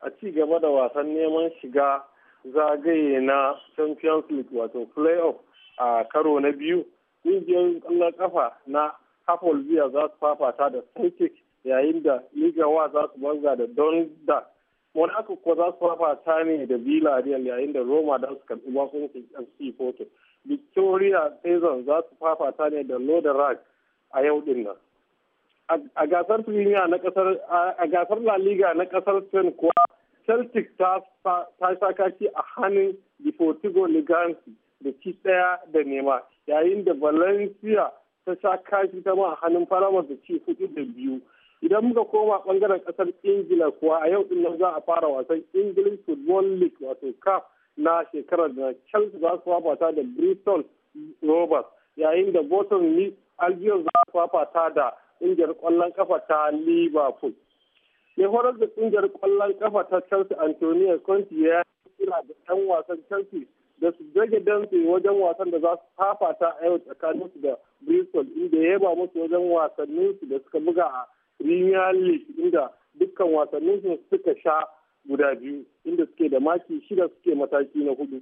a ci gaba da wasan neman shiga zagaye na champions league wato playoff a karo na biyu ƙungiyoyin ƙwallon ƙafa na hapol biya za su fafata da celtic yayin da ligawa za su banza da donda wani aka kuwa za su fafata ne da villarreal yayin da roma da su karɓi bakuncin fc porto victoria season za su fafata ne da loderac a yau din nan a gasar Premier na kasar a gasar La Liga na kasar Spain kuwa Celtic ta sha a hannun Deportivo Ligansi da ci daya da nema yayin da Valencia ta sha kashi ta ma a hannun faramar da ci hudu da biyu idan muka koma bangaren kasar Ingila kuwa a yau din nan za a fara wasan English Football League wato cup na shekarar da Chelsea za su fafata da Bristol Rovers yayin da Bolton ni Albion za su fafata da kungiyar kwallon kafa ta liverpool mai horar da kungiyar kwallon kafa ta chelsea antonio conte ya kira da yan wasan chelsea da su rage dantse wajen wasan da za su ta a yau tsakanin su da bristol inda ya yaba musu wajen wasannin su da suka buga a premier league inda dukkan wasannin su suka sha guda biyu inda suke da maki shida suke mataki na hudu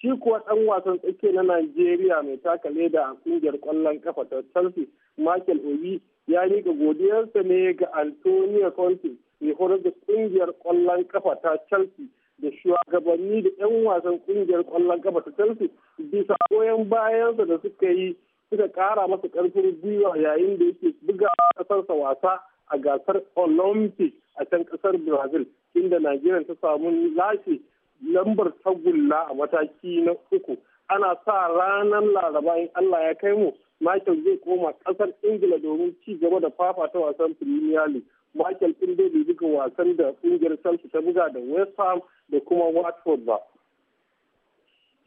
shi kuwa ɗan wasan tsakiya na Najeriya mai taka leda a kungiyar kwallon kafa ta Chelsea Michael Obi ya ga godiyarsa ne ga Antonio Conte mai horar da ƙungiyar ƙwallon kafa ta Chelsea da shugabanni da 'yan wasan kungiyar kwallon kafa ta Chelsea bisa goyon bayansa da suka yi suka kara masa ƙarfin gwiwa yayin da yake buga ƙasarsa wasa a gasar Olympic a can kasar Brazil inda Najeriya ta samu lashe lambar tagulla a mataki na uku ana sa ranar laraba in Allah ya kai mu Michael zai koma ƙasar Ingila domin ci gaba da fafata wasan Premier League. Michael ɗin dai bai wasan da ƙungiyar Chelsea ta buga da West Ham da kuma Watford ba.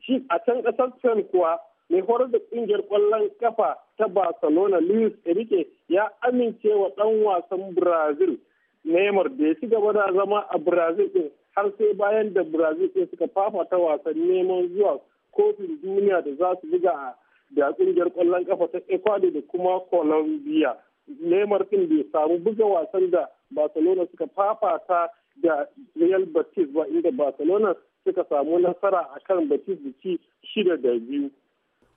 Shi a can ƙasar Spain kuwa mai horar da ƙungiyar kwallon kafa ta Barcelona Luis Enrique ya amince wa ɗan wasan Brazil Neymar da ya ci gaba da zama a Brazil ɗin har sai bayan da Brazil ɗin suka fafata wasan neman zuwa kofin duniya da za su buga a da kungiyar kwallon kafa ta ecuador da kuma colombia neymar din bai samu buga wasan da barcelona suka fafata da real batis ba inda barcelona suka samu nasara akan batis da ci shida da biyu.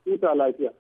Huta lafiya.